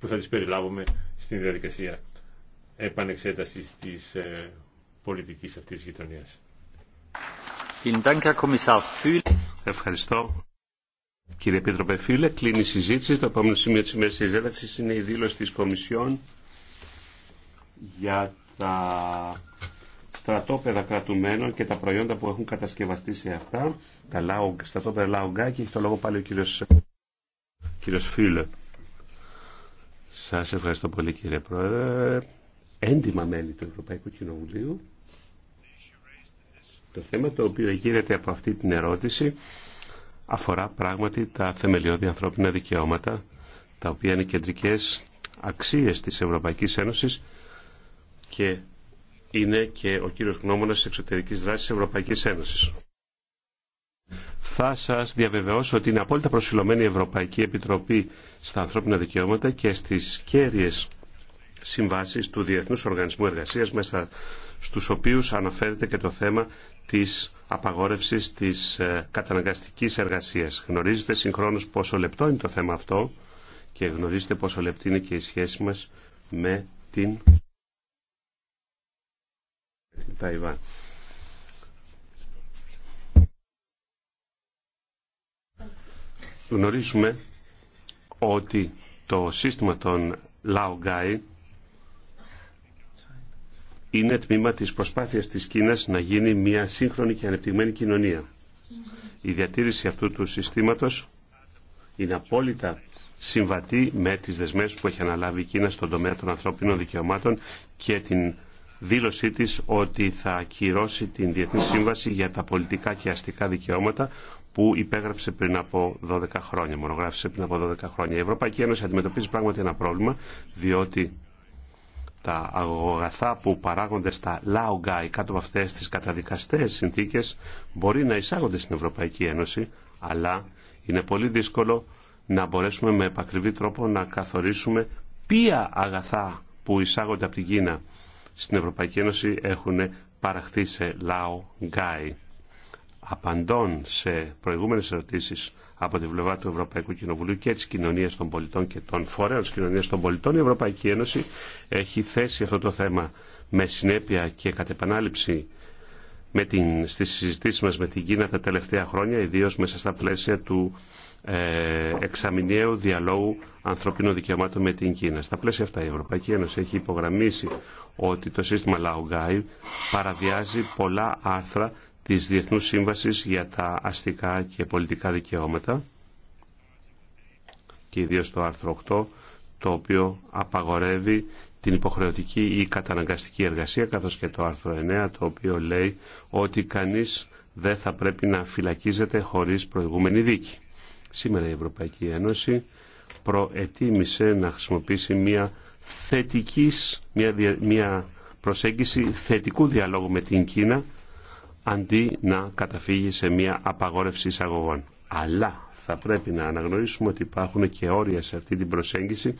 που θα τις περιλάβουμε στην διαδικασία επανεξέτασης της ε, πολιτικής αυτής γειτονίας. Ευχαριστώ. Κύριε Επίτροπε Φίλε, κλείνει η συζήτηση. Το επόμενο σημείο της ημέρας της είναι η δήλωση της Κομισιόν για τα στρατόπεδα κρατουμένων και τα προϊόντα που έχουν κατασκευαστεί σε αυτά. Τα στρατόπεδα Λαογκά και έχει το λόγο πάλι ο κύριος, κύριος Φίλε. Σας ευχαριστώ πολύ κύριε Πρόεδρε. Έντιμα μέλη του Ευρωπαϊκού Κοινοβουλίου. Το θέμα το οποίο γύρεται από αυτή την ερώτηση αφορά πράγματι τα θεμελιώδη ανθρώπινα δικαιώματα, τα οποία είναι κεντρικές αξίες της Ευρωπαϊκής Ένωσης και είναι και ο κύριος γνώμονας εξωτερικής δράσης της Ευρωπαϊκής Ένωσης. Θα σα διαβεβαιώσω ότι είναι απόλυτα προσφυλωμένη η Ευρωπαϊκή Επιτροπή στα ανθρώπινα δικαιώματα και στις κέρυε συμβάσεις του Διεθνούς Οργανισμού Εργασίας μέσα στους οποίους αναφέρεται και το θέμα της απαγόρευσης της ε, καταναγκαστικής εργασίας. Γνωρίζετε συγχρόνω πόσο λεπτό είναι το θέμα αυτό και γνωρίζετε πόσο λεπτή είναι και η σχέση μα με την Ταϊβάν. Γνωρίζουμε ότι το σύστημα των Λαογκάι είναι τμήμα της προσπάθειας της Κίνας να γίνει μια σύγχρονη και ανεπτυγμένη κοινωνία. Η διατήρηση αυτού του συστήματος είναι απόλυτα συμβατή με τις δεσμές που έχει αναλάβει η Κίνα στον τομέα των ανθρώπινων δικαιωμάτων και την δήλωσή της ότι θα ακυρώσει την Διεθνή Σύμβαση για τα πολιτικά και αστικά δικαιώματα που υπέγραψε πριν από 12 χρόνια, μονογράφησε πριν από 12 χρόνια. Η Ευρωπαϊκή Ένωση αντιμετωπίζει πράγματι ένα πρόβλημα, διότι τα αγαθά που παράγονται στα ΛΑΟΓΚΑΙ κάτω από αυτέ τις καταδικαστέ συνθήκε μπορεί να εισάγονται στην Ευρωπαϊκή Ένωση, αλλά είναι πολύ δύσκολο να μπορέσουμε με επακριβή τρόπο να καθορίσουμε ποια αγαθά που εισάγονται από την Κίνα στην Ευρωπαϊκή Ένωση έχουν παραχθεί σε ΛΑΟΓΚΑΙ απαντών σε προηγούμενες ερωτήσεις από τη πλευρά του Ευρωπαϊκού Κοινοβουλίου και της κοινωνίας των πολιτών και των φορέων της κοινωνίας των πολιτών, η Ευρωπαϊκή Ένωση έχει θέσει αυτό το θέμα με συνέπεια και κατ' επανάληψη με την, στις συζητήσεις μας με την Κίνα τα τελευταία χρόνια, ιδίως μέσα στα πλαίσια του ε, εξαμηνιαίου διαλόγου ανθρωπίνων δικαιωμάτων με την Κίνα. Στα πλαίσια αυτά η Ευρωπαϊκή Ένωση έχει υπογραμμίσει ότι το σύστημα Λαογκάι παραβιάζει πολλά άρθρα της Διεθνούς Σύμβασης για τα αστικά και πολιτικά δικαιώματα και ιδίως το άρθρο 8 το οποίο απαγορεύει την υποχρεωτική ή καταναγκαστική εργασία καθώς και το άρθρο 9 το οποίο λέει ότι κανείς δεν θα πρέπει να φυλακίζεται χωρίς προηγούμενη δίκη. Σήμερα η Ευρωπαϊκή Ένωση προετοίμησε να χρησιμοποιήσει μια θετικής, μια, μια προσέγγιση θετικού διαλόγου με την Κίνα αντί να καταφύγει σε μια απαγόρευση εισαγωγών. Αλλά θα πρέπει να αναγνωρίσουμε ότι υπάρχουν και όρια σε αυτή την προσέγγιση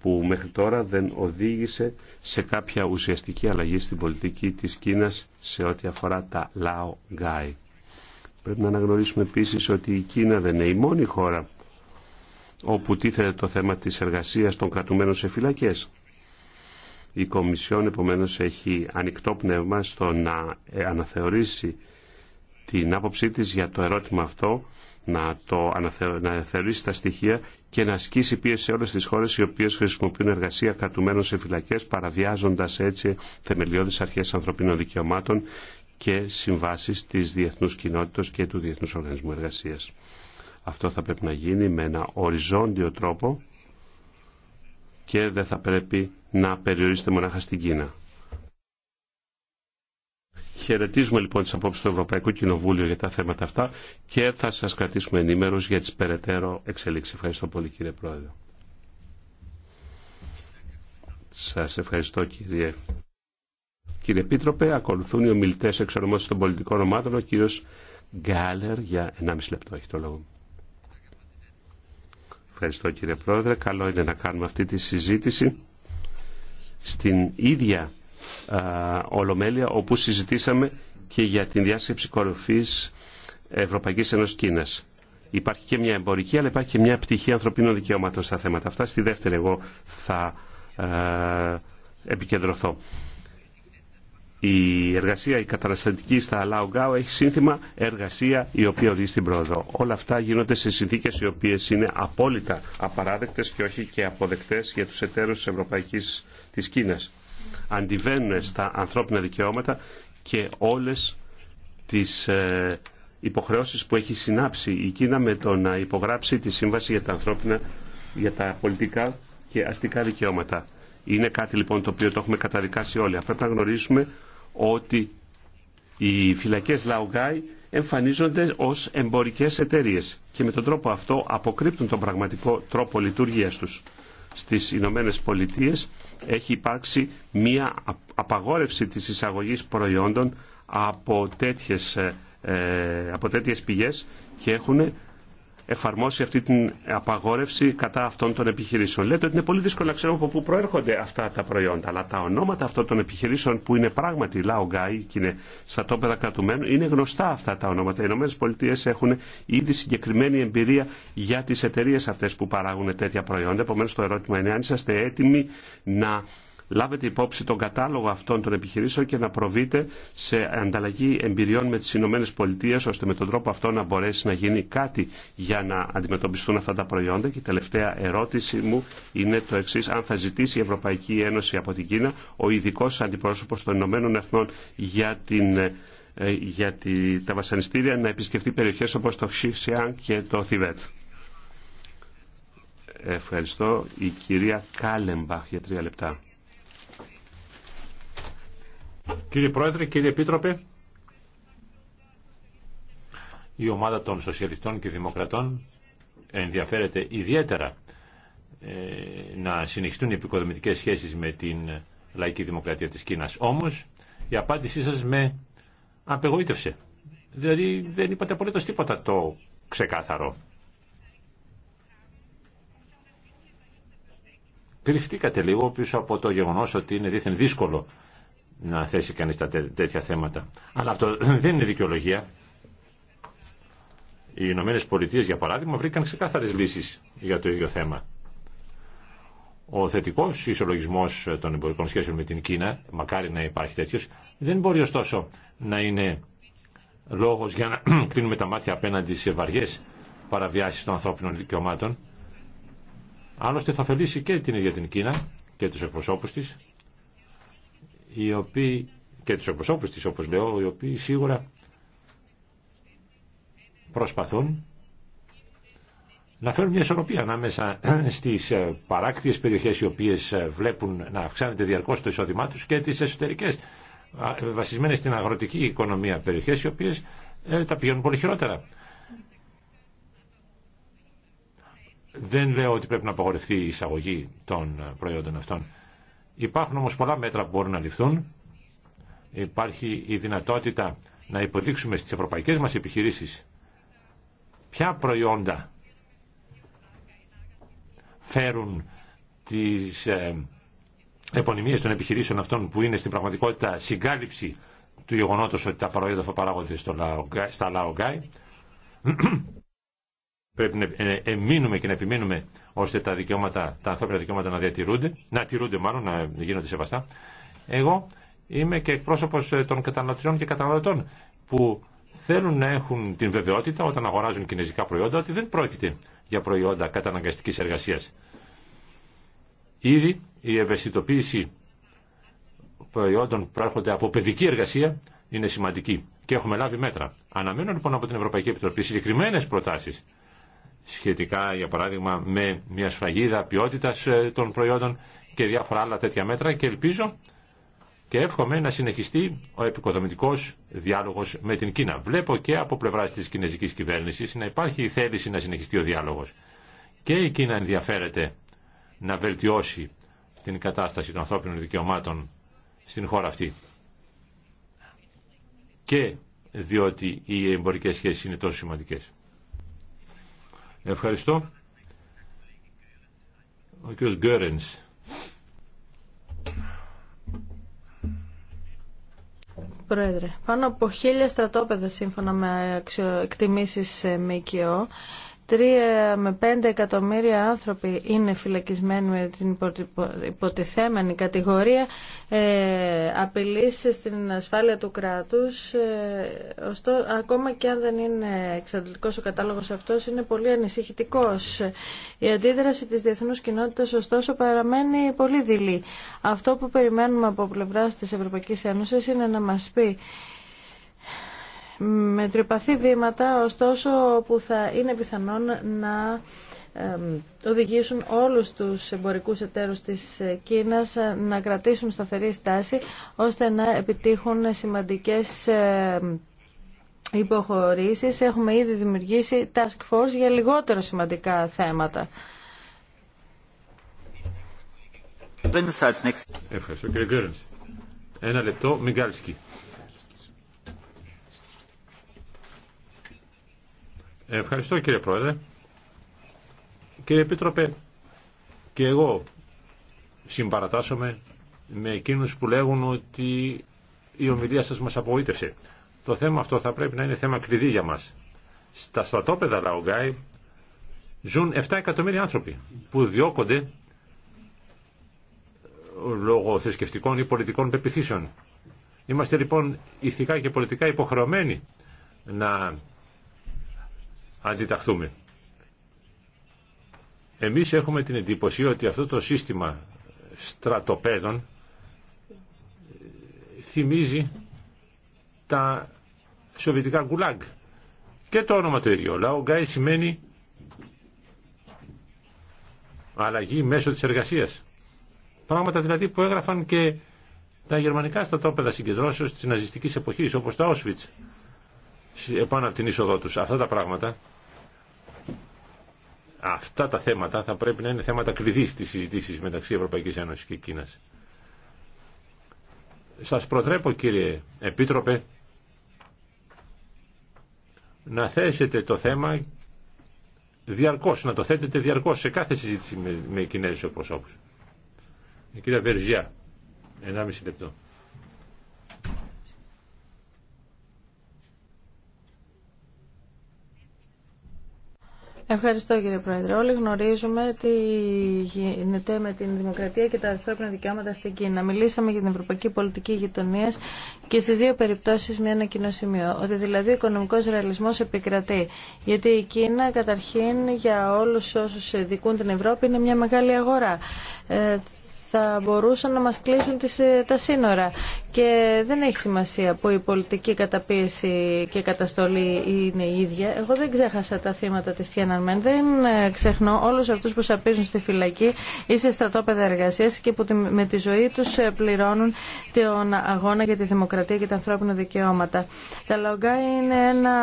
που μέχρι τώρα δεν οδήγησε σε κάποια ουσιαστική αλλαγή στην πολιτική της Κίνας σε ό,τι αφορά τα Λάο Γκάι. Πρέπει να αναγνωρίσουμε επίσης ότι η Κίνα δεν είναι η μόνη χώρα όπου τίθεται το θέμα της εργασίας των κρατουμένων σε φυλακές. Η Κομισιόν επομένως έχει ανοιχτό πνεύμα στο να ε, αναθεωρήσει την άποψή της για το ερώτημα αυτό, να, το αναθεωρήσει τα στοιχεία και να ασκήσει πίεση σε όλες τις χώρες οι οποίες χρησιμοποιούν εργασία κατουμένων σε φυλακές, παραβιάζοντας έτσι θεμελιώδεις αρχές ανθρωπίνων δικαιωμάτων και συμβάσεις της διεθνούς κοινότητας και του Διεθνούς Οργανισμού Εργασίας. Αυτό θα πρέπει να γίνει με ένα οριζόντιο τρόπο και δεν θα πρέπει να περιορίζεται μονάχα στην Κίνα. Χαιρετίζουμε λοιπόν τις απόψεις του Ευρωπαϊκού Κοινοβούλιο για τα θέματα αυτά και θα σας κρατήσουμε ενήμερους για τις περαιτέρω εξελίξεις. Ευχαριστώ πολύ κύριε Πρόεδρε. Σας ευχαριστώ κύριε. Κύριε Πίτροπε, ακολουθούν οι ομιλητές εξορμώσεις των πολιτικών ομάδων. Ο κύριος Γκάλερ για 1,5 λεπτό έχει το λόγο. Ευχαριστώ κύριε Πρόεδρε. Καλό είναι να κάνουμε αυτή τη συζήτηση στην ίδια Ολομέλεια όπου συζητήσαμε και για την διάσκεψη κορυφής Ευρωπαϊκής Ένωσης Κίνας. Υπάρχει και μια εμπορική αλλά υπάρχει και μια πτυχή ανθρωπίνων δικαιωμάτων στα θέματα αυτά. Στη δεύτερη εγώ θα επικεντρωθώ η εργασία η καταναστατική στα ΛΑΟΚΑΟ έχει σύνθημα εργασία η οποία οδηγεί στην πρόοδο. Όλα αυτά γίνονται σε συνθήκε οι οποίε είναι απόλυτα απαράδεκτε και όχι και αποδεκτέ για του εταίρου τη Ευρωπαϊκή τη Κίνα. Αντιβαίνουν στα ανθρώπινα δικαιώματα και όλε τι ε, υποχρεώσεις που έχει συνάψει η Κίνα με το να υπογράψει τη Σύμβαση για τα, ανθρώπινα, για τα πολιτικά και αστικά δικαιώματα. Είναι κάτι λοιπόν το οποίο το έχουμε καταδικάσει όλοι. Πρέπει να γνωρίζουμε ότι οι φυλακές Λαουγκάι εμφανίζονται ως εμπορικές εταιρείες και με τον τρόπο αυτό αποκρύπτουν τον πραγματικό τρόπο λειτουργίας τους. Στις Ηνωμένε Πολιτείε έχει υπάρξει μία απαγόρευση της εισαγωγής προϊόντων από τέτοιες, ε, ε, από τέτοιες πηγές και έχουν εφαρμόσει αυτή την απαγόρευση κατά αυτών των επιχειρήσεων. Λέτε ότι είναι πολύ δύσκολο να ξέρουμε από πού προέρχονται αυτά τα προϊόντα, αλλά τα ονόματα αυτών των επιχειρήσεων που είναι πράγματι λαογκάι και είναι στατόπεδα κρατουμένων, είναι γνωστά αυτά τα προιοντα αλλα τα ονοματα αυτων των επιχειρησεων που ειναι πραγματι λαογκαι και ειναι τοπεδα κρατουμενων ειναι γνωστα αυτα τα ονοματα Οι ΗΠΑ έχουν ήδη συγκεκριμένη εμπειρία για τι εταιρείε αυτέ που παράγουν τέτοια προϊόντα. Επομένω το ερώτημα είναι αν είσαστε έτοιμοι να λάβετε υπόψη τον κατάλογο αυτών των επιχειρήσεων και να προβείτε σε ανταλλαγή εμπειριών με τι Ηνωμένε Πολιτείε, ώστε με τον τρόπο αυτό να μπορέσει να γίνει κάτι για να αντιμετωπιστούν αυτά τα προϊόντα. Και η τελευταία ερώτηση μου είναι το εξή. Αν θα ζητήσει η Ευρωπαϊκή Ένωση από την Κίνα ο ειδικό αντιπρόσωπο των Ηνωμένων Εθνών για την ε, για τα βασανιστήρια να επισκεφτεί περιοχές όπως το Χσισιάν και το Θιβέτ. Ευχαριστώ. Η κυρία Κάλεμπαχ για τρία λεπτά. Κύριε Πρόεδρε, κύριε Επίτροπε, η ομάδα των Σοσιαλιστών και Δημοκρατών ενδιαφέρεται ιδιαίτερα ε, να συνεχιστούν οι επικοδομητικές σχέσεις με την λαϊκή δημοκρατία της Κίνας. Όμως, η απάντησή σας με απεγοήτευσε. Δηλαδή, δεν είπατε απολύτως τίποτα το ξεκάθαρο. κρυφτήκατε λίγο πίσω από το γεγονός ότι είναι δίθεν δύσκολο να θέσει κανείς τα τέτοια θέματα. Αλλά αυτό δεν είναι δικαιολογία. Οι Ηνωμένε Πολιτείε, για παράδειγμα, βρήκαν ξεκάθαρε λύσει για το ίδιο θέμα. Ο θετικό ισολογισμό των εμπορικών σχέσεων με την Κίνα, μακάρι να υπάρχει τέτοιο, δεν μπορεί ωστόσο να είναι λόγο για να κλείνουμε τα μάτια απέναντι σε βαριέ παραβιάσει των ανθρώπινων δικαιωμάτων. Άλλωστε θα ωφελήσει και την ίδια την Κίνα και του εκπροσώπου της οι οποίοι, και τους εκπροσώπους της όπως λέω, οι οποίοι σίγουρα προσπαθούν να φέρουν μια ισορροπία ανάμεσα στις ε, παράκτιες περιοχές οι οποίες ε, βλέπουν να αυξάνεται διαρκώς το εισόδημά τους και τις εσωτερικές βασισμένες στην αγροτική οικονομία περιοχές οι οποίες ε, τα πηγαίνουν πολύ χειρότερα. Δεν λέω ότι πρέπει να απογορευτεί η εισαγωγή των προϊόντων αυτών. Υπάρχουν όμως πολλά μέτρα που μπορούν να ληφθούν. Υπάρχει η δυνατότητα να υποδείξουμε στις ευρωπαϊκές μας επιχειρήσεις ποια προϊόντα φέρουν τις ε, επωνυμίες των επιχειρήσεων αυτών που είναι στην πραγματικότητα συγκάλυψη του γεγονότος ότι τα προϊόντα θα παράγονται στα Λαογκάι πρέπει να εμείνουμε ε, ε, και να επιμείνουμε ώστε τα, δικαιώματα, τα ανθρώπινα δικαιώματα να διατηρούνται, να τηρούνται μάλλον, να γίνονται σεβαστά. Εγώ είμαι και εκπρόσωπο ε, των καταναλωτών και καταναλωτών που θέλουν να έχουν την βεβαιότητα όταν αγοράζουν κινέζικα προϊόντα ότι δεν πρόκειται για προϊόντα καταναγκαστική εργασία. Ήδη η ευαισθητοποίηση προϊόντων που προέρχονται από παιδική εργασία είναι σημαντική και έχουμε λάβει μέτρα. Αναμένω λοιπόν από την Ευρωπαϊκή Επιτροπή συγκεκριμένε προτάσει σχετικά για παράδειγμα με μια σφραγίδα ποιότητας ε, των προϊόντων και διάφορα άλλα τέτοια μέτρα και ελπίζω και εύχομαι να συνεχιστεί ο επικοδομητικός διάλογος με την Κίνα. Βλέπω και από πλευράς της κινέζικης κυβέρνησης να υπάρχει η θέληση να συνεχιστεί ο διάλογος. Και η Κίνα ενδιαφέρεται να βελτιώσει την κατάσταση των ανθρώπινων δικαιωμάτων στην χώρα αυτή. Και διότι οι εμπορικές σχέσεις είναι τόσο σημαντικές. Ευχαριστώ. Ο κ. Γκέρενς. Πρόεδρε, πάνω από χίλια στρατόπεδα σύμφωνα με εκτιμήσεις ε, ΜΚΟ Τρία με πέντε εκατομμύρια άνθρωποι είναι φυλακισμένοι με την υποτιθέμενη κατηγορία ε, στην ασφάλεια του κράτους. Ε, ωστό, ακόμα και αν δεν είναι εξαντλητικός ο κατάλογος αυτός, είναι πολύ ανησυχητικός. Η αντίδραση της διεθνούς κοινότητας, ωστόσο, παραμένει πολύ δειλή. Αυτό που περιμένουμε από πλευρά της Ευρωπαϊκής Ένωσης είναι να μας πει με τριπαθή βήματα, ωστόσο που θα είναι πιθανόν να οδηγήσουν όλους τους εμπορικούς εταίρους της Κίνας να κρατήσουν σταθερή στάση ώστε να επιτύχουν σημαντικές υποχωρήσεις. Έχουμε ήδη δημιουργήσει task force για λιγότερο σημαντικά θέματα. Ευχαριστώ κύριε Ένα λεπτό, Μιγκάλσκι. Ευχαριστώ κύριε Πρόεδρε. Κύριε Επίτροπε, και εγώ συμπαρατάσσομαι με εκείνους που λέγουν ότι η ομιλία σας μας απογοήτευσε. Το θέμα αυτό θα πρέπει να είναι θέμα κλειδί για μας. Στα στρατόπεδα Λαογκάη ζουν 7 εκατομμύρια άνθρωποι που διώκονται λόγω θρησκευτικών ή πολιτικών πεπιθήσεων. Είμαστε λοιπόν ηθικά και πολιτικά υποχρεωμένοι να αντιταχθούμε. Εμείς έχουμε την εντύπωση ότι αυτό το σύστημα στρατοπέδων ε, θυμίζει τα σοβιετικά γκουλάγκ. Και το όνομα το ίδιο. γκάι σημαίνει αλλαγή μέσω της εργασίας. Πράγματα δηλαδή που έγραφαν και τα γερμανικά στρατόπεδα συγκεντρώσεως της ναζιστικής εποχής, όπως τα Auschwitz, επάνω από την είσοδό τους. Αυτά τα πράγματα Αυτά τα θέματα θα πρέπει να είναι θέματα κλειδί στι συζητήσει μεταξύ Ευρωπαϊκής Ένωσης και Κίνας. Σας προτρέπω κύριε Επίτροπε να θέσετε το θέμα διαρκώς, να το θέτετε διαρκώς σε κάθε συζήτηση με, με Κινέζου Κύριε Η κυρία Βεργιά, λεπτό. Ευχαριστώ κύριε Πρόεδρε. Όλοι γνωρίζουμε τι γίνεται με την δημοκρατία και τα ανθρώπινα δικαιώματα στην Κίνα. Μιλήσαμε για την ευρωπαϊκή πολιτική γειτονία και στι δύο περιπτώσει με ένα κοινό σημείο. Ότι δηλαδή ο οικονομικό ρεαλισμό επικρατεί. Γιατί η Κίνα καταρχήν για όλου όσου δικούν την Ευρώπη είναι μια μεγάλη αγορά. Ε, θα μπορούσαν να μας κλείσουν τις, ε, τα σύνορα. Και δεν έχει σημασία που η πολιτική καταπίεση και καταστολή είναι η ίδια. Εγώ δεν ξέχασα τα θύματα της Tiananmen. Δεν ε, ξεχνώ όλους αυτούς που σαπίζουν στη φυλακή ή σε στρατόπεδα εργασίας και που με τη ζωή τους ε, πληρώνουν τον αγώνα για τη δημοκρατία και τα ανθρώπινα δικαιώματα. Τα λαογκά είναι ένα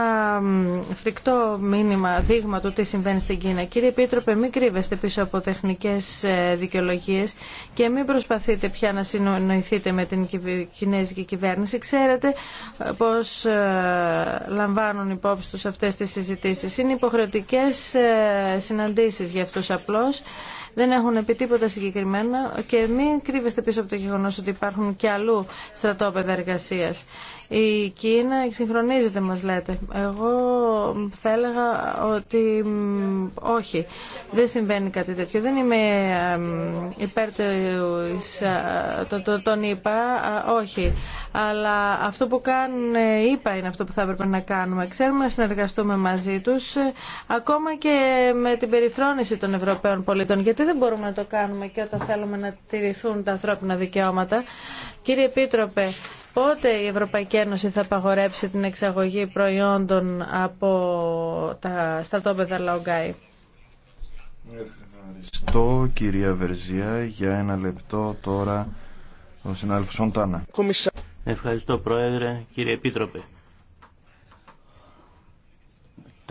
φρικτό μήνυμα, δείγμα του τι συμβαίνει στην Κίνα. Κύριε Πίτροπε, μην κρύβεστε πίσω από τεχνικές δικαιολογίες και μην προσπαθείτε πια να συνοηθείτε με την κινέζικη κυβέρνηση. Ξέρετε ε, πώς ε, λαμβάνουν υπόψη τους αυτές τις συζητήσεις. Είναι υποχρεωτικές ε, συναντήσεις για αυτούς απλώς. Δεν έχουν πει τίποτα συγκεκριμένα. και μην κρύβεστε πίσω από το γεγονός ότι υπάρχουν και αλλού στρατόπεδα εργασία. Η Κίνα εξυγχρονίζεται μας λέτε. Εγώ θα έλεγα ότι όχι, δεν συμβαίνει κάτι τέτοιο. Δεν είμαι υπέρ τον είπα, όχι. Αλλά αυτό που κάνουν είπα είναι αυτό που θα έπρεπε να κάνουμε. Ξέρουμε να συνεργαστούμε μαζί τους, ε, ακόμα και με την περιφρόνηση των Ευρωπαίων πολιτών. Γιατί δεν μπορούμε να το κάνουμε και όταν θέλουμε να τηρηθούν τα ανθρώπινα δικαιώματα. Κύριε Επίτροπε, Πότε η Ευρωπαϊκή Ένωση θα απαγορέψει την εξαγωγή προϊόντων από τα στρατόπεδα Λαογκάη. Ευχαριστώ κυρία Βερζία για ένα λεπτό τώρα ο συνάδελφος Σοντάνα. Ευχαριστώ Πρόεδρε, κύριε Επίτροπε.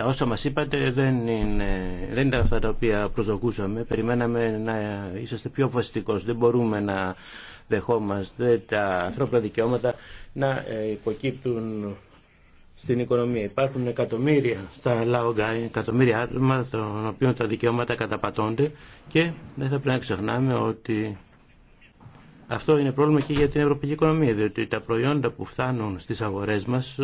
Τα όσα μας είπατε δεν, είναι, δεν ήταν αυτά τα οποία προσδοκούσαμε. Περιμέναμε να είσαστε πιο αποφασιστικός. Δεν μπορούμε να δεχόμαστε τα ανθρώπινα δικαιώματα να ε, υποκύπτουν στην οικονομία. Υπάρχουν εκατομμύρια στα λαόγκα, εκατομμύρια άτομα των οποίων τα δικαιώματα καταπατώνται και δεν θα πρέπει να ξεχνάμε ότι αυτό είναι πρόβλημα και για την ευρωπαϊκή οικονομία, διότι τα προϊόντα που φτάνουν στις αγορές μας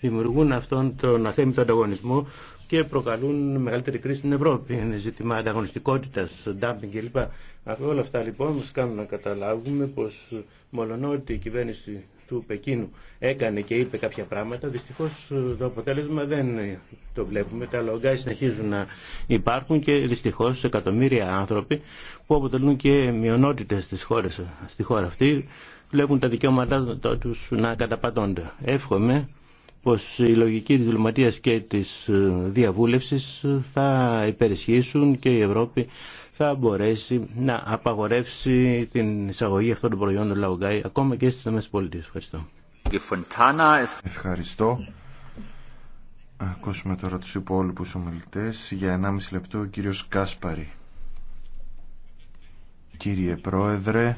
δημιουργούν αυτόν τον αθέμητο ανταγωνισμό και προκαλούν μεγαλύτερη κρίση στην Ευρώπη. Είναι ζήτημα ανταγωνιστικότητα, ντάμπινγκ κλπ. Όλα αυτά λοιπόν μα κάνουν να καταλάβουμε πω μολονότι η κυβέρνηση του Πεκίνου έκανε και είπε κάποια πράγματα, δυστυχώ το αποτέλεσμα δεν το βλέπουμε. Τα λογά συνεχίζουν να υπάρχουν και δυστυχώ εκατομμύρια άνθρωποι που αποτελούν και μειονότητε στη χώρα αυτή βλέπουν τα δικαιώματά τους να καταπατώνται. Εύχομαι πως η λογική της διπλωματίας και της ε, διαβούλευσης θα υπερισχύσουν και η Ευρώπη θα μπορέσει να απαγορεύσει την εισαγωγή αυτών των προϊόντων λαογκάι ακόμα και στις ΗΠΑ. Ευχαριστώ. Ευχαριστώ. Ακούσουμε τώρα τους υπόλοιπους ομιλητές. Για 1,5 λεπτό ο κύριος Κάσπαρη. Κύριε Πρόεδρε,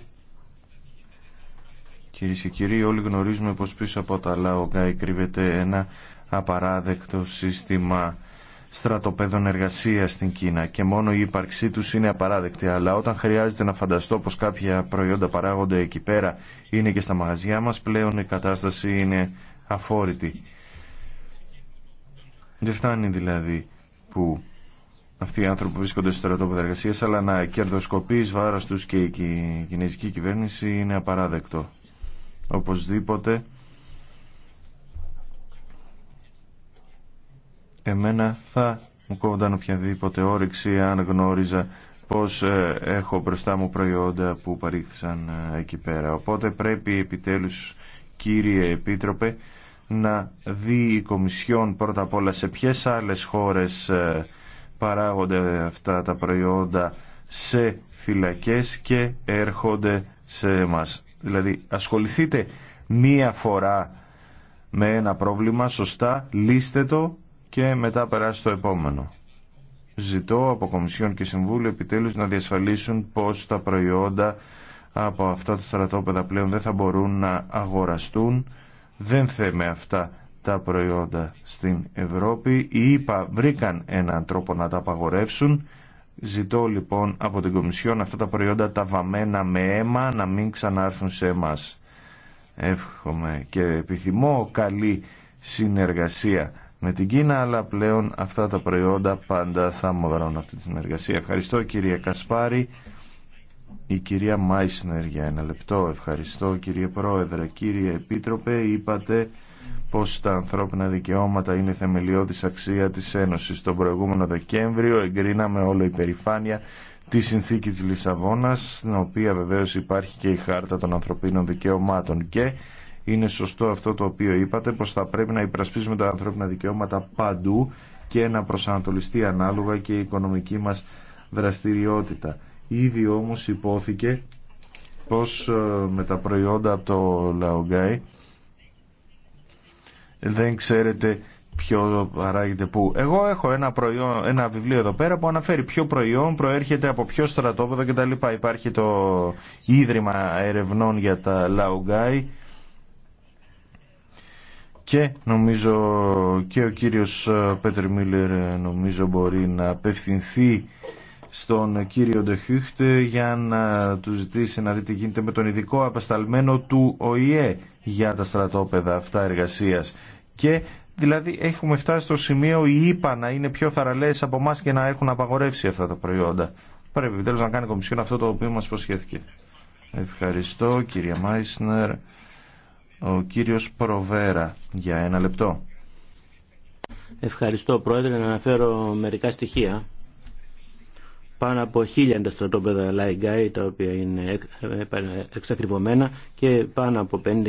Κυρίε και κύριοι, όλοι γνωρίζουμε πως πίσω από τα λαόγκα κρύβεται ένα απαράδεκτο σύστημα στρατοπέδων εργασία στην Κίνα και μόνο η ύπαρξή του είναι απαράδεκτη. Αλλά όταν χρειάζεται να φανταστώ πω κάποια προϊόντα παράγονται εκεί πέρα, είναι και στα μαγαζιά μα, πλέον η κατάσταση είναι αφόρητη. Δεν φτάνει δηλαδή που αυτοί οι άνθρωποι βρίσκονται στο στρατόπεδο εργασία, αλλά να κερδοσκοπεί βάρο του και η κινέζικη κυβέρνηση είναι απαράδεκτο οπωσδήποτε εμένα θα μου κόβονταν οποιαδήποτε όρεξη αν γνώριζα πως ε, έχω μπροστά μου προϊόντα που παρήχθησαν ε, εκεί πέρα. Οπότε πρέπει επιτέλους κύριε Επίτροπε να δει η Κομισιόν πρώτα απ' όλα σε ποιες άλλες χώρες ε, παράγονται αυτά τα προϊόντα σε φυλακές και έρχονται σε εμάς. Δηλαδή ασχοληθείτε μία φορά με ένα πρόβλημα σωστά, λύστε το και μετά περάσει το επόμενο. Ζητώ από Κομισιόν και Συμβούλιο επιτέλους να διασφαλίσουν πως τα προϊόντα από αυτά τα στρατόπεδα πλέον δεν θα μπορούν να αγοραστούν. Δεν θέμε αυτά τα προϊόντα στην Ευρώπη. Οι ΙΠΑ βρήκαν έναν τρόπο να τα απαγορεύσουν Ζητώ λοιπόν από την Κομισιόν αυτά τα προϊόντα τα βαμμένα με αίμα να μην ξανάρθουν σε εμάς. Εύχομαι και επιθυμώ καλή συνεργασία με την Κίνα, αλλά πλέον αυτά τα προϊόντα πάντα θα μοδρώνουν αυτή τη συνεργασία. Ευχαριστώ κύριε Κασπάρη. Η κυρία Μάισνερ για ένα λεπτό. Ευχαριστώ κύριε Πρόεδρε. Κύριε Επίτροπε, είπατε πως τα ανθρώπινα δικαιώματα είναι θεμελιώδης αξία της Ένωσης. Τον προηγούμενο Δεκέμβριο εγκρίναμε όλο περηφάνεια τη συνθήκη της Λισαβόνας, στην οποία βεβαίως υπάρχει και η χάρτα των ανθρωπίνων δικαιωμάτων και είναι σωστό αυτό το οποίο είπατε, πως θα πρέπει να υπρασπίζουμε τα ανθρώπινα δικαιώματα παντού και να προσανατολιστεί ανάλογα και η οικονομική μας δραστηριότητα. Ήδη όμως υπόθηκε πως ε, με τα προϊόντα από το Λαογκάι δεν ξέρετε ποιο παράγεται πού. Εγώ έχω ένα, προϊόν, ένα βιβλίο εδώ πέρα που αναφέρει ποιο προϊόν προέρχεται από ποιο στρατόπεδο κτλ. Υπάρχει το Ίδρυμα Ερευνών για τα Λαουγκάι και νομίζω και ο κύριος Πέτρι Μίλλερ νομίζω μπορεί να απευθυνθεί στον κύριο Ντεχούχτ για να του ζητήσει να δει τι γίνεται με τον ειδικό απεσταλμένο του ΟΗΕ για τα στρατόπεδα αυτά εργασία. Και δηλαδή έχουμε φτάσει στο σημείο η ΙΠΑ να είναι πιο θαραλέες από εμά και να έχουν απαγορεύσει αυτά τα προϊόντα. Πρέπει τέλος να κάνει κομισιόν αυτό το οποίο μα προσχέθηκε. Ευχαριστώ κύριε Μάισνερ. Ο κύριος Προβέρα για ένα λεπτό. Ευχαριστώ Πρόεδρε να αναφέρω μερικά στοιχεία πάνω από χίλιαντα στρατόπεδα λαϊκά, τα οποία είναι ε, εξακριβωμένα και πάνω από 5.000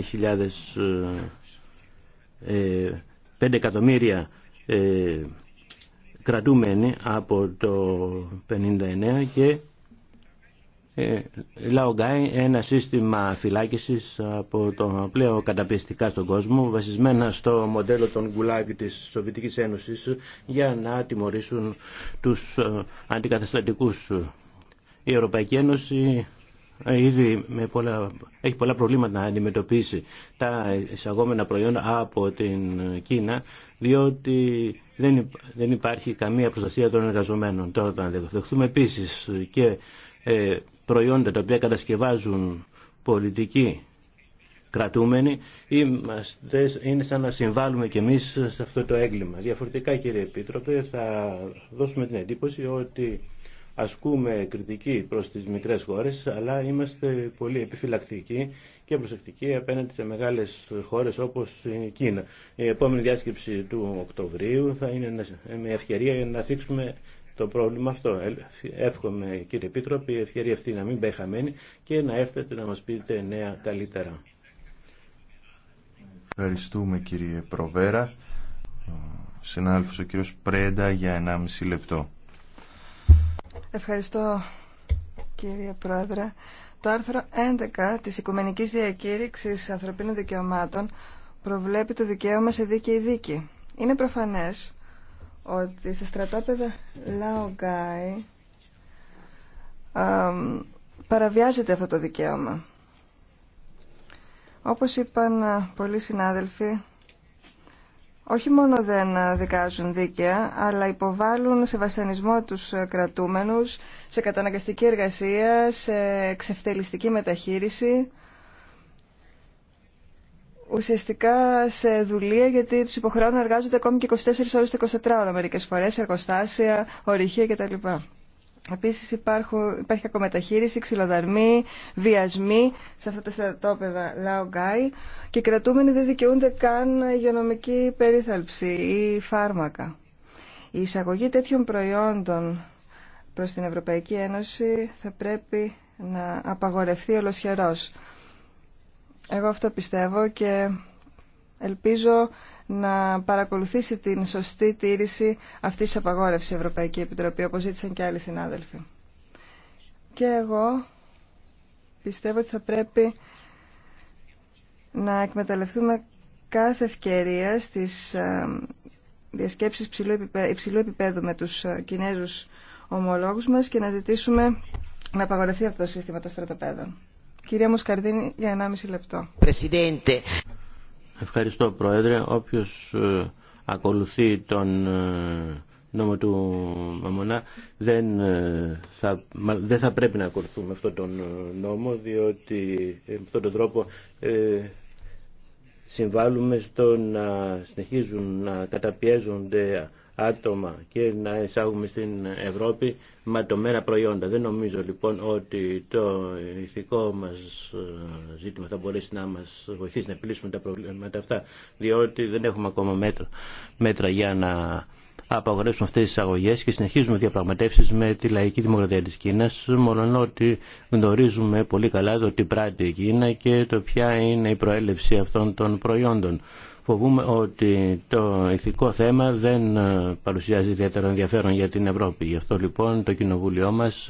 5 εκατομμύρια κρατούμενοι από το 59 και ε, Λαογκάι ένα σύστημα φυλάκισης από το πλέον καταπιεστικά στον κόσμο βασισμένα στο μοντέλο των γκουλάκ της Σοβιτικής Ένωσης για να τιμωρήσουν τους ε, αντικαταστατικούς. Η Ευρωπαϊκή Ένωση ε, με πολλά, έχει πολλά προβλήματα να αντιμετωπίσει τα εισαγόμενα προϊόντα από την Κίνα διότι δεν, υπάρχει καμία προστασία των εργαζομένων. Τώρα θα δεχθούμε επίσης και προϊόντα τα οποία κατασκευάζουν πολιτικοί κρατούμενοι είμαστε, είναι σαν να συμβάλλουμε κι εμείς σε αυτό το έγκλημα. Διαφορετικά κύριε Επίτροπε θα δώσουμε την εντύπωση ότι ασκούμε κριτική προς τις μικρές χώρες αλλά είμαστε πολύ επιφυλακτικοί και προσεκτικοί απέναντι σε μεγάλες χώρες όπως η Κίνα. Η επόμενη διάσκεψη του Οκτωβρίου θα είναι μια ευκαιρία να θίξουμε το πρόβλημα αυτό. Εύχομαι κύριε Επίτροπη η ευκαιρία αυτή να μην πάει χαμένη και να έρθετε να μας πείτε νέα καλύτερα. Ευχαριστούμε κύριε Προβέρα. Συνάδελφος ο κύριος Πρέντα για 1,5 λεπτό. Ευχαριστώ κύριε Πρόεδρε. Το άρθρο 11 της Οικουμενικής Διακήρυξης Ανθρωπίνων Δικαιωμάτων προβλέπει το δικαίωμα σε δίκαιη δίκη. Είναι προφανές ότι στα στρατόπεδα Λαογκάη παραβιάζεται αυτό το δικαίωμα. Όπως είπαν πολλοί συνάδελφοι, όχι μόνο δεν δικάζουν δίκαια, αλλά υποβάλλουν σε βασανισμό τους κρατούμενους, σε καταναγκαστική εργασία, σε ξεφτελιστική μεταχείριση ουσιαστικά σε δουλεία γιατί τους υποχρεώνουν να εργάζονται ακόμη και 24 ώρες 24 ώρα μερικές φορές, εργοστάσια, ορυχεία κτλ. Επίσης υπάρχουν, υπάρχει κακομεταχείριση, ξυλοδαρμοί, βιασμοί σε αυτά τα στρατόπεδα Λαο Γκάι και οι κρατούμενοι δεν δικαιούνται καν υγειονομική περίθαλψη ή φάρμακα. Η εισαγωγή τέτοιων προϊόντων προς την Ευρωπαϊκή Ένωση θα πρέπει να απαγορευτεί ολοσχερός. Εγώ αυτό πιστεύω και ελπίζω να παρακολουθήσει την σωστή τήρηση αυτής της απαγόρευσης Ευρωπαϊκή Επιτροπή, όπως ζήτησαν και άλλοι συνάδελφοι. Και εγώ πιστεύω ότι θα πρέπει να εκμεταλλευτούμε κάθε ευκαιρία στις ε, διασκέψεις υψηλού επίπεδου με τους ε, Κινέζους ομολόγους μας και να ζητήσουμε να απαγορευτεί αυτό το σύστημα των στρατοπέδων. Κυρία Μοσκαρδίνη, για 1,5 λεπτό. Ευχαριστώ, Πρόεδρε. Όποιος ε, ακολουθεί τον ε, νόμο του Μαμονά δεν ε, θα, δεν θα πρέπει να ακολουθούμε αυτόν τον νόμο διότι με αυτόν τον τρόπο συμβάλλουμε στο να συνεχίζουν να καταπιέζονται άτομα και να εισάγουμε στην Ευρώπη ματωμένα προϊόντα. Δεν νομίζω λοιπόν ότι το ηθικό μας ε, ζήτημα θα μπορέσει να μας βοηθήσει να επιλύσουμε τα προβλήματα αυτά, διότι δεν έχουμε ακόμα μέτρα, μέτρα για να απαγορεύσουμε αυτές τις αγωγές και συνεχίζουμε διαπραγματεύσεις με τη λαϊκή δημοκρατία της Κίνας, μόνο ότι γνωρίζουμε πολύ καλά το τι πράττει η Κίνα και το ποια είναι η προέλευση αυτών των προϊόντων φοβούμε ότι το ηθικό θέμα δεν ε, παρουσιάζει ιδιαίτερο ενδιαφέρον για την Ευρώπη. Γι' αυτό λοιπόν το Κοινοβούλιο μας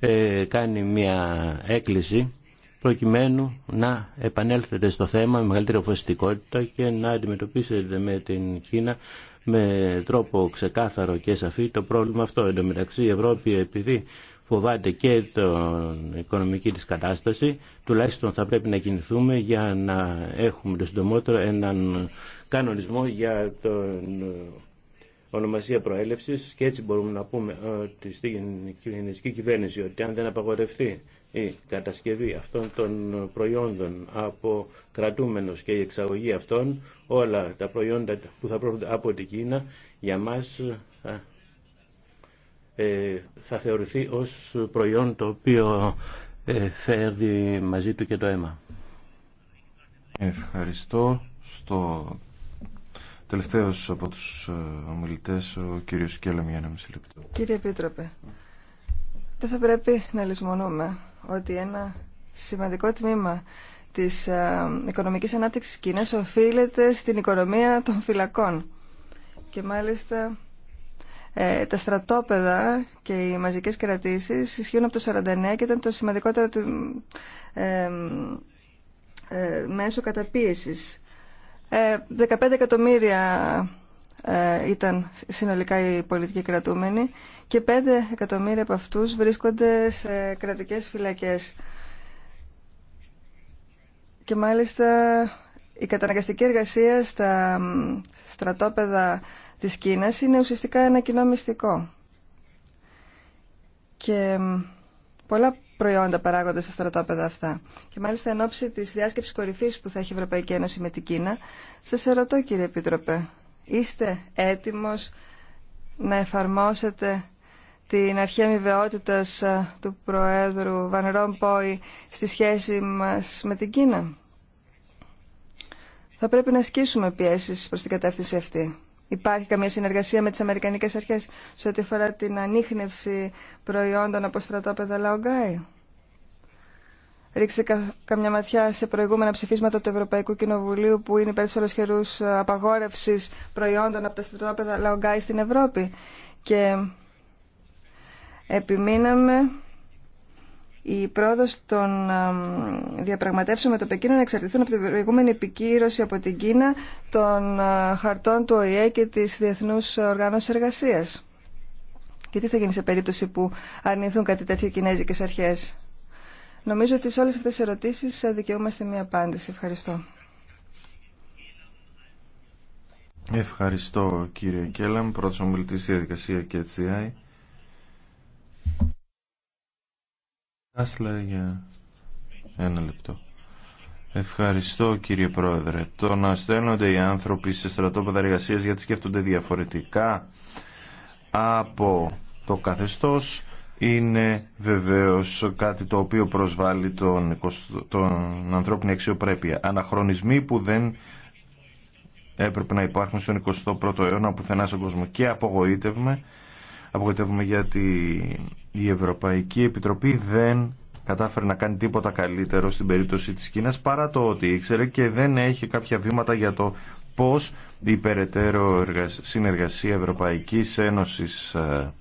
ε, κάνει μια έκκληση προκειμένου να επανέλθετε στο θέμα με μεγαλύτερη αποφασιστικότητα και να αντιμετωπίσετε με την Κίνα με τρόπο ξεκάθαρο και σαφή το πρόβλημα αυτό. Εν τω μεταξύ η Ευρώπη επειδή φοβάται και την οικονομική της κατάσταση, τουλάχιστον θα πρέπει να κινηθούμε για να έχουμε το συντομότερο έναν κανονισμό για τον ονομασία προέλευσης και έτσι μπορούμε να πούμε ότι στην κοινωνική κυβέρνηση ότι αν δεν απαγορευτεί η κατασκευή αυτών των προϊόντων από κρατούμενος και η εξαγωγή αυτών όλα τα προϊόντα που θα πρόκειται από την Κίνα για μας ε, θα θεωρηθεί ως προϊόν το οποίο φέρει ε, μαζί του και το αίμα. Ευχαριστώ. Στο τελευταίος από τους ε, ομιλητές, ο κύριος Κέλλαμ για μισή λεπτό. Κύριε Επίτροπε, δεν θα πρέπει να λησμονούμε ότι ένα σημαντικό τμήμα της οικονομικής ανάπτυξης Κίνας οφείλεται στην οικονομία των φυλακών. Και μάλιστα ε, τα στρατόπεδα και οι μαζικές κρατήσεις ισχύουν από το 49 και ήταν το σημαντικότερο ε, ε, μέσο καταπίεσης. 15 ε, εκατομμύρια ήταν συνολικά οι πολιτικοί κρατούμενοι και 5 εκατομμύρια από αυτούς βρίσκονται σε κρατικές φυλακές. Και μάλιστα η καταναγκαστική εργασία στα στρατόπεδα της Κίνας είναι ουσιαστικά ένα κοινό μυστικό. Και πολλά προϊόντα παράγονται στα στρατόπεδα αυτά. Και μάλιστα εν ώψη της διάσκεψης κορυφής που θα έχει η Ευρωπαϊκή Ένωση με την Κίνα, σας ερωτώ κύριε Επίτροπε, είστε έτοιμος να εφαρμόσετε την αρχή αμοιβαιότητας του Προέδρου Βαν Ρόμποϊ στη σχέση μας με την Κίνα. Θα πρέπει να ασκήσουμε πιέσεις προς την κατεύθυνση αυτή υπάρχει καμία συνεργασία με τις Αμερικανικές Αρχές σε ό,τι αφορά την ανείχνευση προϊόντων από στρατόπεδα Λαογκάη. Ρίξτε καμιά ματιά σε προηγούμενα ψηφίσματα του Ευρωπαϊκού Κοινοβουλίου που είναι υπέρ τη ολοσχερού ε, απαγόρευση προϊόντων από τα στρατόπεδα Λαογκάη στην Ευρώπη. Και επιμείναμε η πρόοδο των διαπραγματεύσεων με το Πεκίνο να εξαρτηθούν από την προηγούμενη επικύρωση από την Κίνα των χαρτών του ΟΗΕ και τη Διεθνού Οργάνωση Εργασία. Και τι θα γίνει σε περίπτωση που αρνηθούν κάτι τέτοιο οι Κινέζικε αρχέ. Νομίζω ότι σε όλε αυτέ τι ερωτήσει δικαιούμαστε μία απάντηση. Ευχαριστώ. Ευχαριστώ κύριε Κέλλαμ, πρώτος ομιλητής στη διαδικασία και έτσι για ένα λεπτό. Ευχαριστώ κύριε Πρόεδρε. Το να στέλνονται οι άνθρωποι σε στρατόπεδα εργασία γιατί σκέφτονται διαφορετικά από το καθεστώς είναι βεβαίως κάτι το οποίο προσβάλλει τον, τον ανθρώπινη αξιοπρέπεια. Αναχρονισμοί που δεν έπρεπε να υπάρχουν στον 21ο αιώνα πουθενά στον κόσμο και απογοήτευμε Απογοητεύομαι γιατί η Ευρωπαϊκή Επιτροπή δεν κατάφερε να κάνει τίποτα καλύτερο στην περίπτωση της Κίνας παρά το ότι ήξερε και δεν έχει κάποια βήματα για το πώς η περαιτέρω συνεργασία Ευρωπαϊκής Ένωσης ε,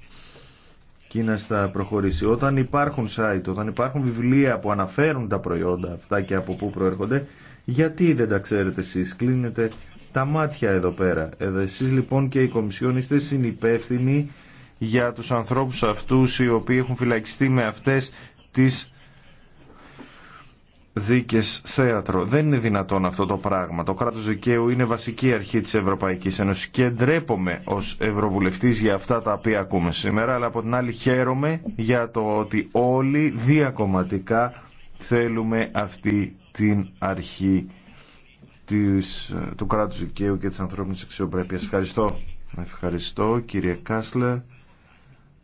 Κίνας θα προχωρήσει. Όταν υπάρχουν site, όταν υπάρχουν βιβλία που αναφέρουν τα προϊόντα αυτά και από πού προέρχονται, γιατί δεν τα ξέρετε εσείς, κλείνετε τα μάτια εδώ πέρα. Ε, εσείς λοιπόν και οι Κομισιόν είστε συνυπεύθυνοι για τους ανθρώπους αυτούς οι οποίοι έχουν φυλακιστεί με αυτές τις δίκες θέατρο. Δεν είναι δυνατόν αυτό το πράγμα. Το κράτος δικαίου είναι βασική αρχή της Ευρωπαϊκής Ένωσης και ντρέπομαι ως Ευρωβουλευτής για αυτά τα οποία ακούμε σήμερα, αλλά από την άλλη χαίρομαι για το ότι όλοι διακομματικά θέλουμε αυτή την αρχή του κράτους δικαίου και της ανθρώπινης αξιοπρέπειας. Ευχαριστώ. Ευχαριστώ κύριε Κάσλε.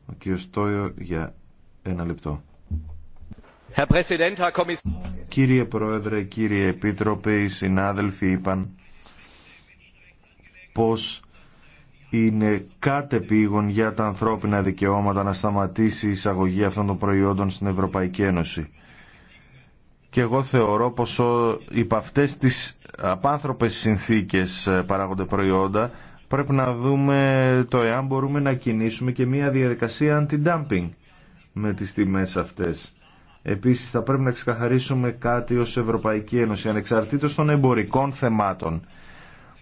Ο κύριος για ένα λεπτό. Κύριε Πρόεδρε, κύριε Επίτροπε, οι συνάδελφοι είπαν πως είναι κάτεπίγον για τα ανθρώπινα δικαιώματα να σταματήσει η εισαγωγή αυτών των προϊόντων στην Ευρωπαϊκή Ένωση. Και εγώ θεωρώ πως υπ' αυτές τις απάνθρωπες συνθήκες ε, παράγονται προϊόντα πρέπει να δούμε το εάν μπορούμε να κινήσουμε και μια διαδικασια διαδικασία anti-dumping με τις τιμές αυτές. Επίσης θα πρέπει να ξεκαθαρίσουμε κάτι ως Ευρωπαϊκή Ένωση, ανεξαρτήτως των εμπορικών θεμάτων.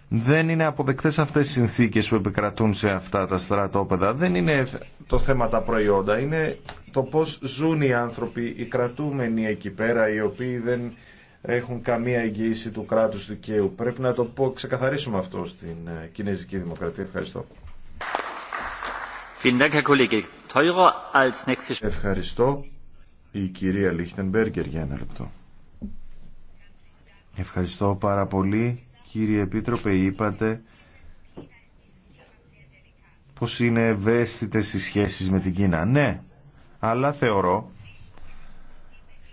Δεν είναι αποδεκτές αυτές οι συνθήκες που επικρατούν σε αυτά τα στρατόπεδα. Δεν είναι το θέμα τα προϊόντα, είναι το πώς ζουν οι άνθρωποι, οι κρατούμενοι εκεί πέρα, οι οποίοι δεν έχουν καμία εγγύηση του κράτους δικαίου. Πρέπει να το πω, ξεκαθαρίσουμε αυτό στην ε, Κινέζικη Δημοκρατία. Ευχαριστώ. Ευχαριστώ. Η κυρία Λίχτενμπέργκερ για ένα λεπτό. Ευχαριστώ πάρα πολύ. Κύριε Επίτροπε, είπατε πως είναι ευαίσθητες οι σχέσεις με την Κίνα. Ναι, αλλά θεωρώ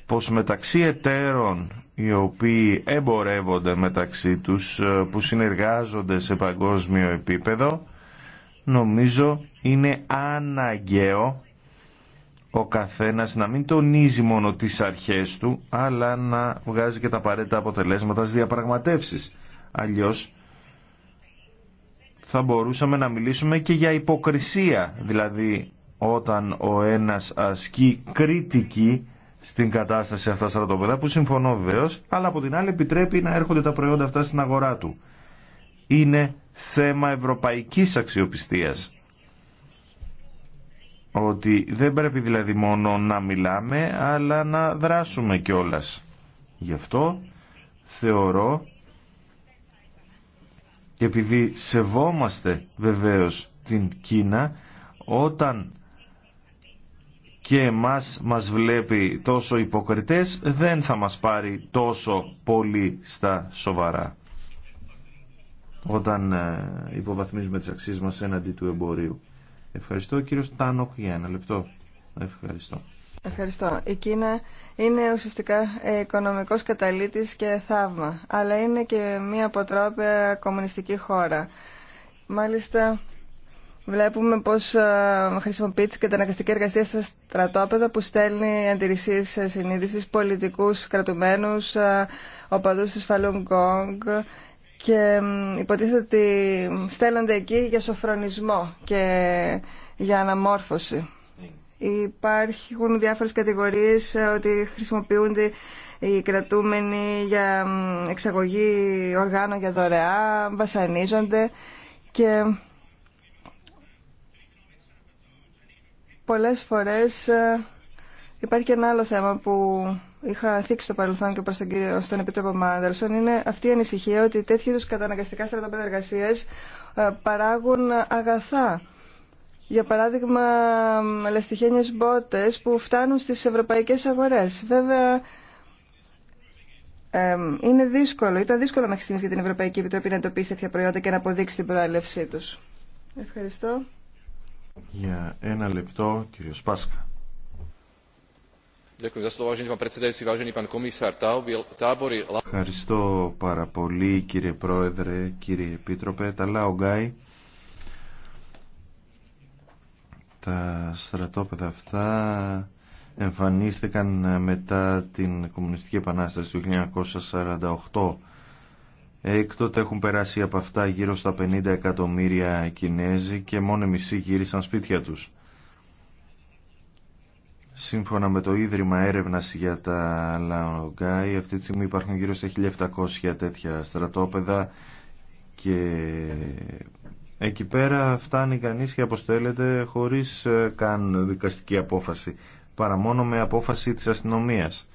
πως μεταξύ εταίρων οι οποίοι εμπορεύονται μεταξύ τους, ε, που συνεργάζονται σε παγκόσμιο επίπεδο, νομίζω είναι αναγκαίο ο καθένας να μην τονίζει μόνο τις αρχές του, αλλά να βγάζει και τα απαραίτητα αποτελέσματα στις διαπραγματεύσεις. Αλλιώς θα μπορούσαμε να μιλήσουμε και για υποκρισία, δηλαδή όταν ο ένας ασκεί κριτική στην κατάσταση αυτά στα στρατόπεδα, που συμφωνώ βεβαίω, αλλά από την άλλη επιτρέπει να έρχονται τα προϊόντα αυτά στην αγορά του. Είναι θέμα ευρωπαϊκής αξιοπιστίας. Ότι δεν πρέπει δηλαδή μόνο να μιλάμε, αλλά να δράσουμε κιόλας. Γι' αυτό θεωρώ, επειδή σεβόμαστε βεβαίως την Κίνα, όταν και εμάς μας βλέπει τόσο υποκριτές δεν θα μας πάρει τόσο πολύ στα σοβαρά όταν ε, υποβαθμίζουμε τις αξίες μας έναντι του εμπορίου. Ευχαριστώ κύριο Τάνοκ για ένα λεπτό. Ευχαριστώ. Ευχαριστώ. Η Κίνα είναι ουσιαστικά ε, οικονομικός καταλήτης και θαύμα, αλλά είναι και μια αποτρόπαια κομμουνιστική χώρα. Μάλιστα, Βλέπουμε πως ε, χρησιμοποιείται και τα αναγκαστική εργασία στα στρατόπεδα που στέλνει αντιρρησίε συνείδηση πολιτικούς κρατουμένους, ε, οπαδούς της Φαλούν και υποτίθεται ότι στέλνονται εκεί για σοφρονισμό και για αναμόρφωση. Υπάρχουν διάφορες κατηγορίες ε, ότι χρησιμοποιούνται οι κρατούμενοι για εξαγωγή οργάνων για δωρεά, βασανίζονται και πολλές φορές ε, υπάρχει και ένα άλλο θέμα που είχα θίξει στο παρελθόν και προς τον κύριο, στον Επίτροπο Μάντερσον, είναι αυτή η ανησυχία ότι τέτοιου είδους καταναγκαστικά στρατόπεδα ε, παράγουν αγαθά. Για παράδειγμα, λαστιχένιες μπότες που φτάνουν στις ευρωπαϊκές αγορές. Βέβαια, ε, είναι δύσκολο, ήταν δύσκολο μέχρι στιγμής για την Ευρωπαϊκή Επιτροπή να εντοπίσει τέτοια προϊόντα και να αποδείξει την προέλευσή τους. Ευχαριστώ. Για ένα λεπτό, κύριος Πάσκα. Ευχαριστώ πάρα πολύ κύριε Πρόεδρε, κύριε Επίτροπε. Τα Λαογκάι, τα στρατόπεδα αυτά εμφανίστηκαν μετά την Κομμουνιστική Επανάσταση του 1948 Έκτοτε έχουν περάσει από αυτά γύρω στα 50 εκατομμύρια Κινέζοι και μόνο μισή γύρισαν σπίτια τους. Σύμφωνα με το Ίδρυμα Έρευνας για τα Λαογκάι, αυτή τη στιγμή υπάρχουν γύρω στα 1.700 τέτοια στρατόπεδα και εκεί πέρα φτάνει κανείς και αποστέλλεται χωρίς ε, καν δικαστική απόφαση, παρά μόνο με απόφαση της αστυνομίας.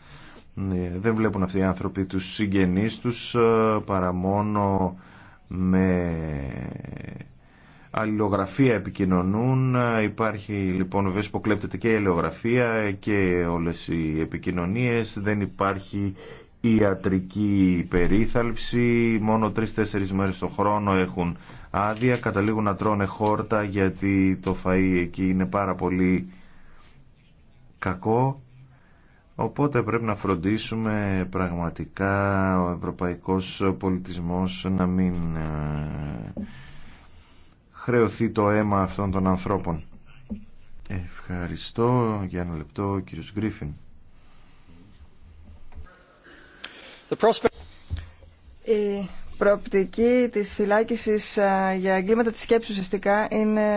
Ναι, δεν βλέπουν αυτοί οι άνθρωποι τους συγγενείς τους ε, παρά μόνο με αλληλογραφία επικοινωνούν. Ε, υπάρχει λοιπόν βέβαια που κλέπτεται και η αλληλογραφία και όλες οι επικοινωνίες. Δεν υπάρχει ιατρική περίθαλψη. Μόνο τρεις-τέσσερις μέρες το χρόνο έχουν άδεια. Καταλήγουν να τρώνε χόρτα γιατί το φαΐ εκεί είναι πάρα πολύ κακό Οπότε πρέπει να φροντίσουμε πραγματικά ο ευρωπαϊκός πολιτισμός να μην ε, χρεωθεί το αίμα αυτών των ανθρώπων. Ευχαριστώ για ένα λεπτό κύριος Γκρίφιν. Η προοπτική της φυλάκησης ε, για εγκλήματα της σκέψης ουσιαστικά είναι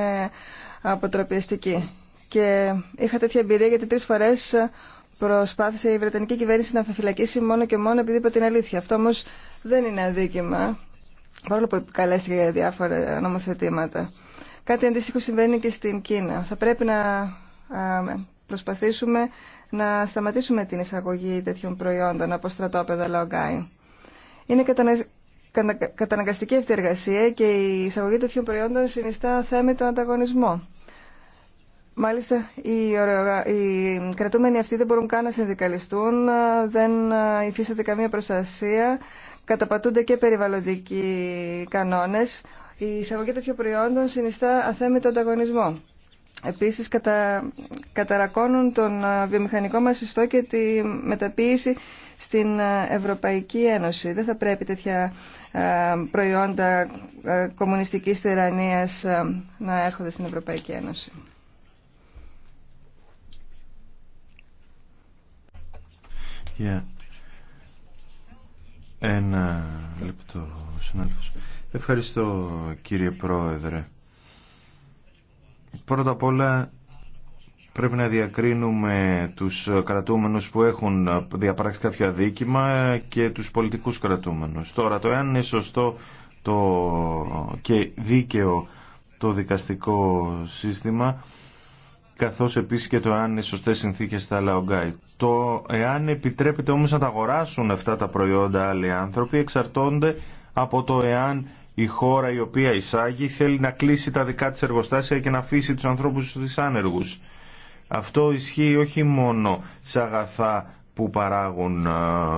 αποτροπιαστική. Και είχα τέτοια εμπειρία γιατί τρεις φορές προσπάθησε η Βρετανική κυβέρνηση να φυλακίσει μόνο και μόνο επειδή είπε την αλήθεια. Αυτό όμω δεν είναι αδίκημα, παρόλο που επικαλέστηκε για διάφορα νομοθετήματα. Κάτι αντίστοιχο συμβαίνει και στην Κίνα. Θα πρέπει να προσπαθήσουμε να σταματήσουμε την εισαγωγή τέτοιων προϊόντων από στρατόπεδα Λαογκάι. Είναι καταναγκαστική αυτή η εργασία και η εισαγωγή τέτοιων προϊόντων συνιστά θέμη τον ανταγωνισμό. Μάλιστα, οι, κρατούμενοι αυτοί δεν μπορούν καν να συνδικαλιστούν, δεν υφίσταται καμία προστασία, καταπατούνται και περιβαλλοντικοί κανόνες. Η εισαγωγή τέτοιων προϊόντων συνιστά αθέμητο ανταγωνισμό. Επίσης, κατα... καταρακώνουν τον βιομηχανικό μας ιστό και τη μεταποίηση στην Ευρωπαϊκή Ένωση. Δεν θα πρέπει τέτοια προϊόντα κομμουνιστικής τυραννίας να έρχονται στην Ευρωπαϊκή Ένωση. ένα λεπτό, συνάδελφος. Ευχαριστώ, κύριε Πρόεδρε. Πρώτα απ' όλα πρέπει να διακρίνουμε τους κρατούμενους που έχουν διαπράξει κάποια δίκημα και τους πολιτικούς κρατούμενους. Τώρα, το εάν είναι σωστό το και δίκαιο το δικαστικό σύστημα καθώς επίσης και το εάν είναι σωστές συνθήκες στα λαογκάι. Το εάν επιτρέπεται όμως να τα αγοράσουν αυτά τα προϊόντα άλλοι άνθρωποι εξαρτώνται από το εάν η χώρα η οποία εισάγει θέλει να κλείσει τα δικά της εργοστάσια και να αφήσει τους ανθρώπους τους άνεργους. Αυτό ισχύει όχι μόνο σε αγαθά που παράγουν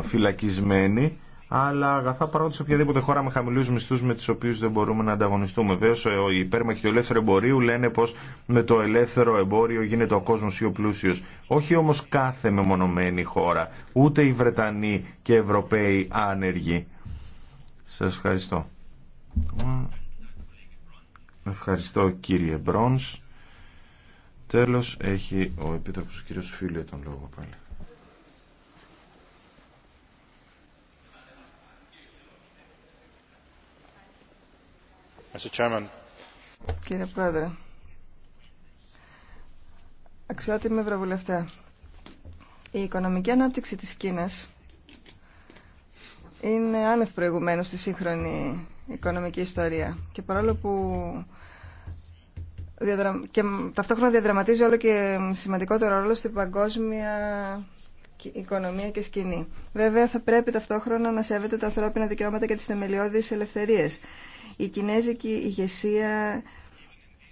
φυλακισμένοι, αλλά αγαθά παρόντα σε οποιαδήποτε χώρα με χαμηλού μισθού με του οποίου δεν μπορούμε να ανταγωνιστούμε. Βέβαια, ε, οι υπέρμαχοι του ελεύθερου εμπορίου λένε πω με το ελεύθερο εμπόριο γίνεται ο κόσμο πιο πλούσιο. Όχι όμω κάθε μεμονωμένη χώρα, ούτε οι Βρετανοί και οι Ευρωπαίοι άνεργοι. Σα ευχαριστώ. Ευχαριστώ κύριε Μπρόνς. Τέλος έχει ο Επίτροπος ο κύριος Φίλιο τον λόγο πάλι. Κύριε Πρόεδρε, αξιότιμη Ευρωβουλευτέ, η οικονομική ανάπτυξη της Κίνας είναι άνευ προηγουμένου στη σύγχρονη οικονομική ιστορία και παρόλο που και ταυτόχρονα διαδραματίζει όλο και σημαντικότερο ρόλο στην παγκόσμια οικονομία και σκηνή. Βέβαια, θα πρέπει ταυτόχρονα να σέβεται τα ανθρώπινα δικαιώματα και τις θεμελιώδεις ελευθερίες. Η κινέζικη ηγεσία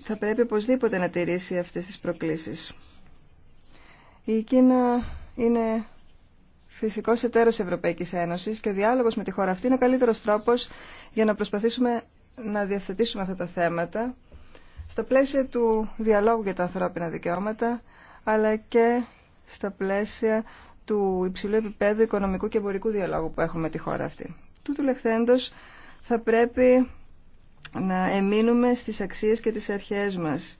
θα πρέπει οπωσδήποτε να τηρήσει αυτές τις προκλήσεις. Η Κίνα είναι φυσικό εταίρος Ευρωπαϊκής Ένωσης και ο διάλογος με τη χώρα αυτή είναι ο καλύτερος τρόπος για να προσπαθήσουμε να διαθετήσουμε αυτά τα θέματα στα πλαίσια του διαλόγου για τα ανθρώπινα δικαιώματα αλλά και στα πλαίσια του υψηλού επίπεδου οικονομικού και εμπορικού διαλόγου που έχουμε τη χώρα αυτή. Τούτου λεχθέντος θα πρέπει να εμείνουμε στις αξίες και τις αρχές μας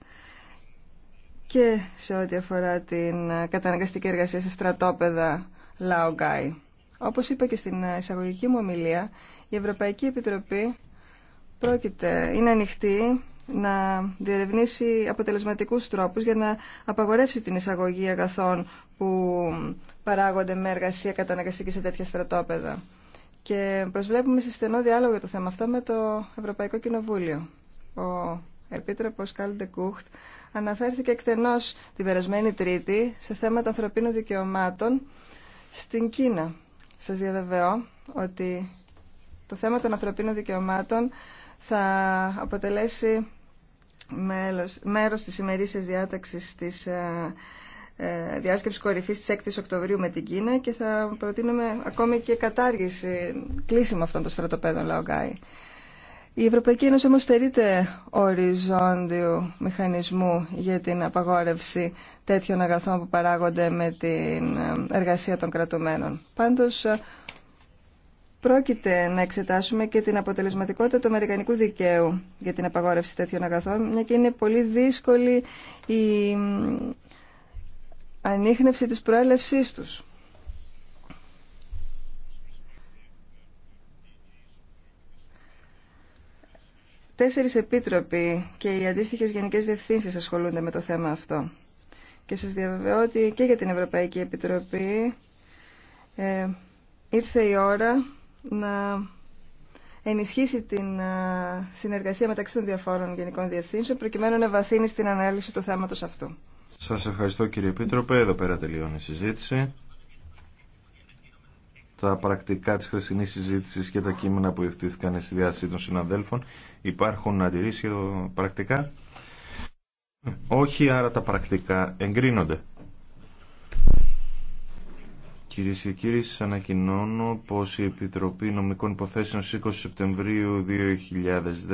και σε ό,τι αφορά την καταναγκαστική εργασία σε στρατόπεδα Λαογκάι. Όπως είπα και στην εισαγωγική μου ομιλία, η Ευρωπαϊκή Επιτροπή πρόκειται, είναι ανοιχτή να διερευνήσει αποτελεσματικούς τρόπους για να απαγορεύσει την εισαγωγή αγαθών που παράγονται με εργασία καταναγκαστική σε τέτοια στρατόπεδα. Και προσβλέπουμε σε στενό διάλογο για το θέμα αυτό με το Ευρωπαϊκό Κοινοβούλιο. Ο Επίτροπο Κάλντε Κούχτ αναφέρθηκε εκτενώς την περασμένη Τρίτη σε θέματα ανθρωπίνων δικαιωμάτων στην Κίνα. Σα διαβεβαιώ ότι το θέμα των ανθρωπίνων δικαιωμάτων θα αποτελέσει μέρος της ημερήσιας διάταξης της ε, ε, διάσκεψη κορυφής της 6ης Οκτωβρίου με την Κίνα και θα προτείνουμε ακόμη και κατάργηση, κλείσιμο αυτών των στρατοπέδων Λαογκάη. Η Ευρωπαϊκή Ένωση όμως στερείται οριζόντιου μηχανισμού για την απαγόρευση τέτοιων αγαθών που παράγονται με την ε, εργασία των κρατουμένων. Πάντως, ε, πρόκειται να εξετάσουμε και την αποτελεσματικότητα του Αμερικανικού δικαίου για την απαγόρευση τέτοιων αγαθών, μια και είναι πολύ δύσκολη ανείχνευση της προέλευσής τους. Τέσσερις επίτροποι και οι αντίστοιχες γενικές διευθύνσεις ασχολούνται με το θέμα αυτό. Και σας διαβεβαιώ ότι και για την Ευρωπαϊκή Επιτροπή ε, ήρθε η ώρα να ενισχύσει την ε, συνεργασία μεταξύ των διαφόρων γενικών διευθύνσεων προκειμένου να βαθύνει στην ανάλυση του θέματος αυτού. Σας ευχαριστώ κύριε Επίτροπε. Εδώ πέρα τελειώνει η συζήτηση. Τα πρακτικά της χρησινής συζήτησης και τα κείμενα που ευθύθηκαν στη διάστηση των συναδέλφων υπάρχουν αντιρρήσει πρακτικά. Όχι, άρα τα πρακτικά εγκρίνονται. Κυρίε και κύριοι, σα ανακοινώνω πω η Επιτροπή Νομικών Υποθέσεων στι 20 Σεπτεμβρίου 2010